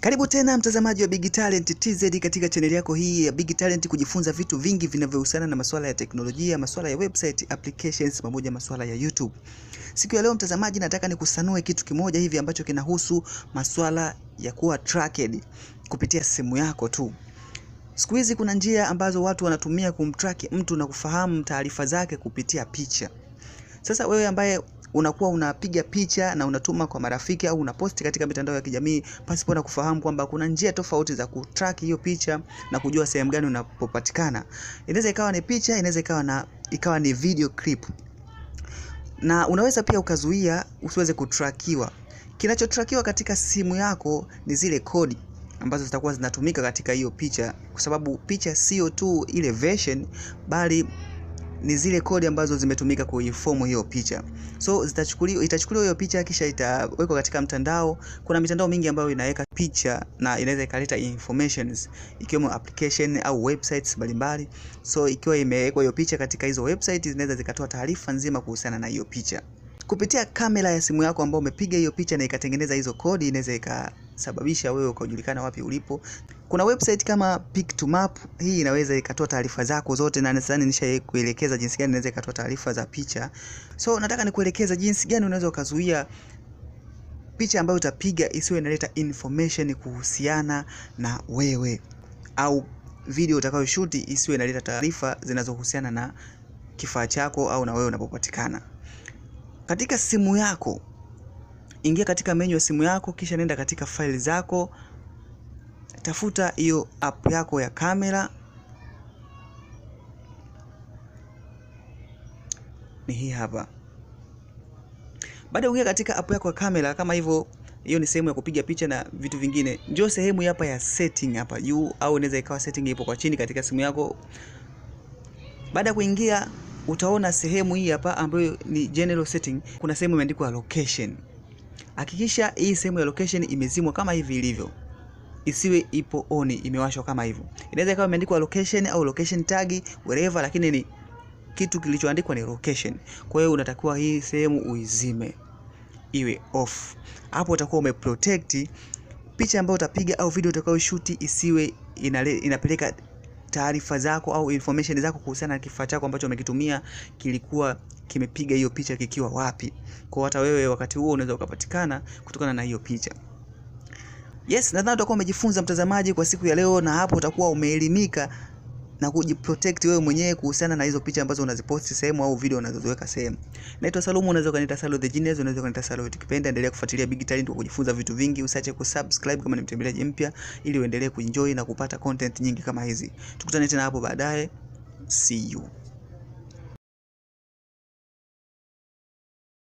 Karibu tena mtazamaji wa Big Talent TZ katika chaneli yako hii ya Big Talent kujifunza vitu vingi vinavyohusiana na masuala ya teknolojia, masuala ya website, applications pamoja masuala ya YouTube. Siku ya leo mtazamaji, nataka nikusanue kitu kimoja hivi ambacho kinahusu masuala ya kuwa tracked kupitia simu yako tu. Siku hizi kuna njia ambazo watu wanatumia kumtrack mtu na kufahamu taarifa zake kupitia picha. Sasa wewe ambaye unakuwa unapiga picha na unatuma kwa marafiki au unaposti katika mitandao ya kijamii pasipo na kufahamu kwamba kuna njia tofauti za kutrack hiyo picha na kujua sehemu gani unapopatikana. Inaweza ikawa ni picha, inaweza ikawa na ikawa ni video clip. Na unaweza pia ukazuia usiweze kutrakiwa. Kinachotrakiwa katika simu yako ni zile kodi ambazo zitakuwa zinatumika katika hiyo picha, kwa sababu picha sio tu ile version bali ni zile kodi ambazo zimetumika kuifomu hiyo picha. So zitachukuliwa, itachukuliwa hiyo picha kisha itawekwa katika mtandao. Kuna mitandao mingi ambayo inaweka picha na inaweza ikaleta informations ikiwemo application au websites mbalimbali. So ikiwa imewekwa hiyo picha katika hizo websites zinaweza zikatoa taarifa nzima kuhusiana na hiyo picha kupitia kamera ya simu yako ambayo umepiga hiyo picha na ikatengeneza hizo kodi, inaweza ika sababisha wewe ukajulikana wapi ulipo. Kuna website kama Pick to Map, hii inaweza ikatoa taarifa zako zote, na nadhani nishakuelekeza jinsi gani inaweza ikatoa taarifa za picha. So nataka nikuelekeza jinsi gani unaweza ukazuia picha ambayo utapiga isiwe inaleta information kuhusiana na wewe au video utakayoshuti isiwe inaleta taarifa zinazohusiana na kifaa chako au na wewe unapopatikana. Katika simu yako ingia katika menu ya simu yako, kisha nenda katika faili zako, tafuta hiyo app yako ya kamera. Ni hii hapa. Baada ya kuingia katika app yako ya kamera kama hivyo, hiyo ni sehemu ya kupiga picha na vitu vingine. Njoo sehemu hapa ya setting hapa juu, au inaweza ikawa setting ipo kwa chini katika simu yako. Baada ya kuingia, utaona sehemu hii hapa ambayo ni general setting. Kuna sehemu imeandikwa location. Hakikisha hii sehemu ya location imezimwa kama hivi ilivyo, isiwe ipo on, imewashwa kama hivyo. Inaweza ikawa imeandikwa location au location tag wherever, lakini ni kitu kilichoandikwa ni location. Kwa hiyo unatakiwa hii sehemu uizime iwe off. Hapo utakuwa umeprotect picha ambayo utapiga au video utakayoshuti isiwe inale, inapeleka taarifa zako au information zako kuhusiana na kifaa chako ambacho umekitumia kilikuwa kimepiga hiyo picha kikiwa wapi. Kwa hata wewe wakati huo unaweza ukapatikana kutokana na hiyo picha. Yes, nadhani utakuwa umejifunza mtazamaji kwa siku ya leo, na hapo utakuwa umeelimika na kujiprotect wewe mwenyewe kuhusiana na hizo picha ambazo unaziposti sehemu au video unazoziweka sehemu. Naitwa Salumu, unaweza ukaniita Salo the Genius, unaweza ukaniita Salo ukipenda. Endelea kufuatilia Big Talent kwa kujifunza vitu vingi, usiache kusubscribe kama ni mtembeleaji mpya, ili uendelee kuenjoy na kupata content nyingi kama hizi. Tukutane tena hapo baadaye, see you.